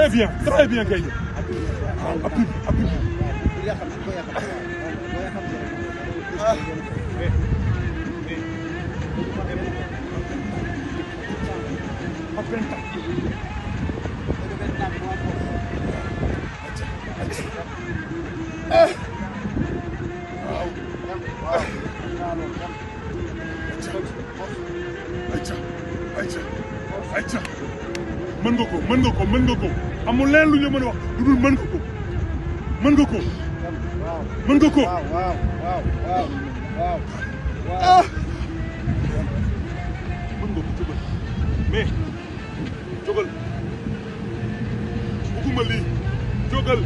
Très bien, très bien Gaye. Appuie, appuie. mën nga ko mën nga ko mën nga ko amul leen lu ñu mën a lu dul mën nga ko mën nga ko mën nga ko ah mën nga ko jógal mais jógal bugguma lii jógal